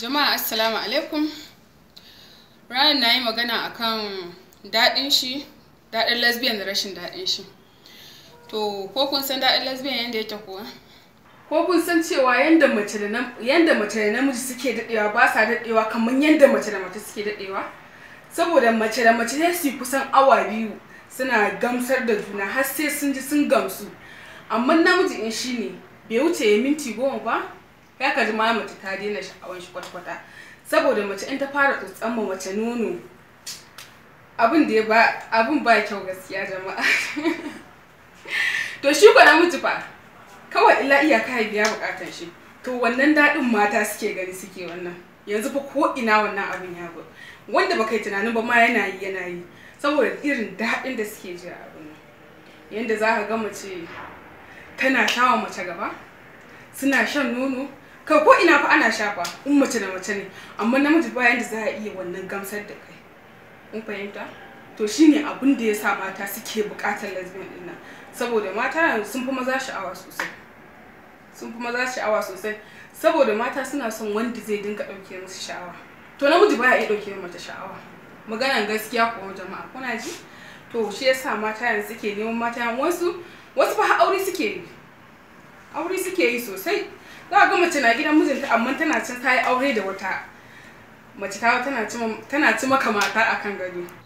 jama'a assalamu alaikum ranar na yi magana akan daɗin shi daɗin lesbian da rashin daɗin shi to ko kun san daɗin lesbian yadda yake kuwa ko kun san cewa yadda mace da namiji suke daɗewa ba sa daɗewa kamar yadda mace da mace suke daɗewa saboda mace da mace ne su kusan awa biyu suna gamsar da juna har sai sun ji sun gamsu amma namiji in shi ne bai wuce ya minti goma ba ya ka ji ma mace ta daina sha'awar shi kwata saboda mace in ta fara tsotsan ma mace nono abin da ya ba abin ba kyau gaskiya jama'a to shi ko namiji fa kawai illa iyaka ya biya bukatan shi to wannan daɗin mata suke gani suke wannan yanzu fa ko ina wannan abin ya go wanda baka yi tunanin ba ma yana yi yana yi saboda irin daɗin da suke ji a abin yanda za ka ga mace tana shawa mace gaba suna shan nono ka ko ina fa ana shafa in mace da mace ne amma namiji bayan da za a iya wannan gamsar da kai in fahimta to shine abin da yasa mata suke bukatar lesbian din nan saboda mata sun fi maza sha'awa sosai sun fi maza sha'awa sosai saboda mata suna son wanda zai dinga ɗauke musu sha'awa to namiji baya iya ɗauke mata sha'awa maganan gaskiya ko jama'a kuna ji to shi yasa mata yanzu suke neman mata wasu wasu fa aure suke yi aure suke yi sosai za a ga mace na gidan mijinta amma tana cin ta yi aure da wata mace ta tana ci maka mata akan gado